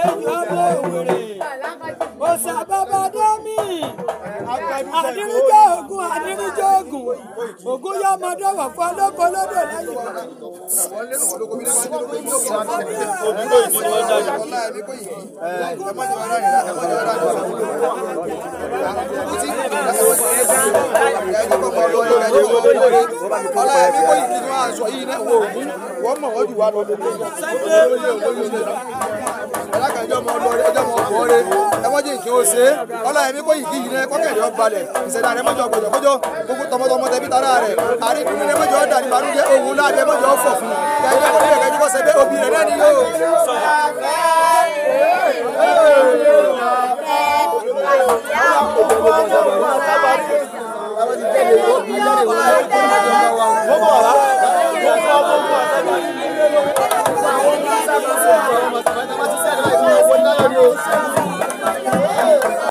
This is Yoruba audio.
lẹ́yìn ọmọ òwèrè òsàbàbàdé mi àdíríjọ́ ògùn yọ ọmọdé wà fún ọlọ́kọ lọ́dọ̀ ẹjọ́ mọ lọrẹ ẹjọ́ mọ bọ̀ọ́rẹ́ ẹmọ́jì kí o ṣe ọlá ẹ̀mí kó yìí yìí rẹ kọ́kẹ́rẹ́ ọbalẹ̀ ìṣẹ̀dá rẹ mọ́jọ gbọ̀jọ̀ gbọ́jọ́ gbogbo tọmọtọmọ tẹbi tara rẹ àríkùnrin rẹ mọ́jọ ọ̀dà nípa lóde òun láàbẹ̀ mọ́jọ ọ̀fọ̀ fún kẹjọ́ Thank you. Christmas.